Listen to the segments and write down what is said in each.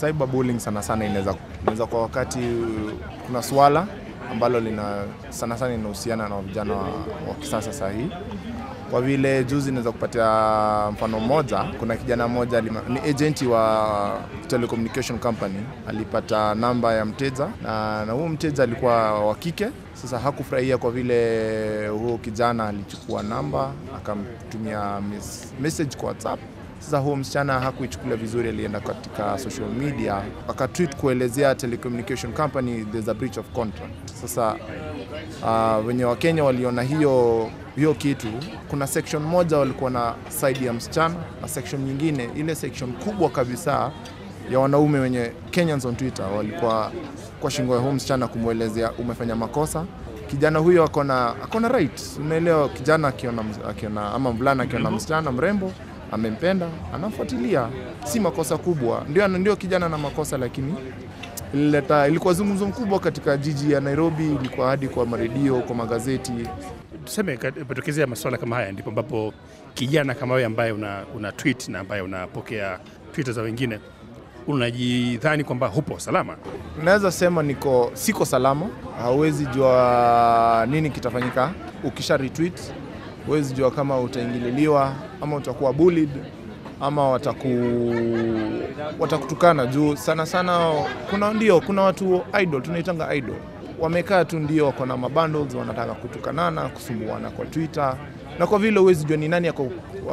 cyberbullying sana sana inaweza inaweza kwa wakati, kuna swala ambalo lina sana sana inahusiana na vijana wa, wa kisasa sahihi kwa vile juzi naweza kupatia mfano mmoja. Kuna kijana mmoja ni agenti wa telecommunication company alipata namba ya mteja na, na huyo mteja alikuwa wa kike. Sasa hakufurahia kwa vile huyo kijana alichukua namba akamtumia message kwa WhatsApp sasa huo msichana hakuichukulia vizuri, alienda katika social media akatweet kuelezea telecommunication company there's a breach of contract. Sasa uh, wenye Wakenya waliona hiyo hiyo kitu, kuna section moja walikuwa na side ya msichana na section nyingine, ile section kubwa kabisa ya wanaume wenye Kenyans on Twitter walikuwa kwa shingo ya huyu msichana kumwelezea umefanya makosa kijana huyo akona akona right. Unaelewa, kijana akiona akiona ama mvulana akiona mm-hmm. msichana mrembo amempenda, anafuatilia Si makosa kubwa, ndio ndio kijana na makosa, lakini ilileta ilikuwa zungumzo mkubwa katika jiji ya Nairobi, ilikuwa hadi kwa maredio, kwa magazeti. Tuseme patokezea masuala kama haya, ndipo ambapo kijana kama wewe ambaye una, una tweet na ambaye unapokea twitter za wengine unajidhani kwamba hupo salama? Naweza sema niko siko salama. Hauwezi jua nini kitafanyika ukisha retweet, huwezi jua kama utaingililiwa ama utakuwa bullied ama wataku watakutukana juu sana sana. Kuna ndio kuna watu idol, tunaitanga idol, wamekaa tu ndio wako na mabundles, wanataka kutukanana, kusumbuana kwa Twitter, na kwa vile uwezi jua ni nani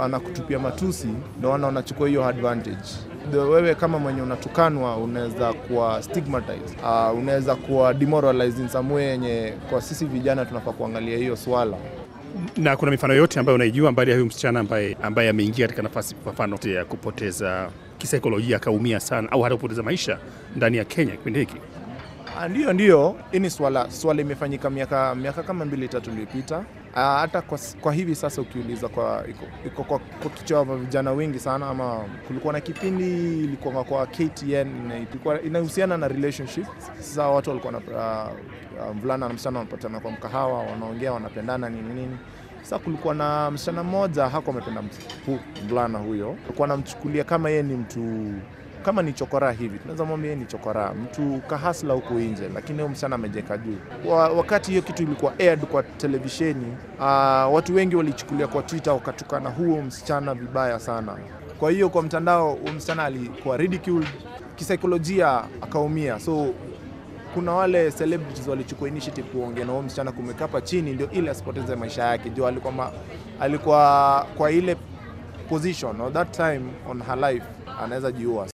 anakutupia matusi, ndio wana wanachukua hiyo advantage. Wewe kama mwenye unatukanwa unaweza kuwa stigmatized, uh, unaweza kuwa demoralized in some way yenye kwa sisi vijana tunafaa kuangalia hiyo swala na kuna mifano yote ambayo unaijua mbali ya huyu msichana ambaye ambaye ameingia katika nafasi kwa mfano ya kupoteza kisaikolojia akaumia sana au hata kupoteza maisha ndani ya Kenya kipindi hiki? Ah, ndiyo, ndiyo. Hii ni swala swala imefanyika miaka miaka kama mbili tatu iliyopita, Ah, hata kwa, kwa hivi sasa ukiuliza kwa, iko, iko kwa, kwa vijana wengi sana, ama kulikuwa na kipindi ilikuwa kwa KTN ilikuwa inahusiana na relationship. Sasa watu walikuwa na uh, mvulana na msichana wanapatana kwa mkahawa, wanaongea, wanapendana nini nini. Sasa kulikuwa na msichana mmoja hako amependa mvulana huyo, alikuwa anamchukulia kama yeye ni mtu kama ni chokora hivi, tunaweza mwambia ni chokora, mtu kahasla huko nje, lakini huyo msichana amejeka juu. Wakati hiyo kitu ilikuwa aired kwa televisheni, uh, watu wengi walichukulia kwa Twitter wakatukana huo msichana vibaya sana. Kwa hiyo kwa mtandao huyo msichana alikuwa ridiculed kisaikolojia, akaumia so kuna wale celebrities walichukua initiative kuongea na huyo msichana kumekapa chini, ndio ili asipoteze maisha yake. Ndio alikuwa, ma, alikuwa kwa ile position or that time on her life anaweza jiua.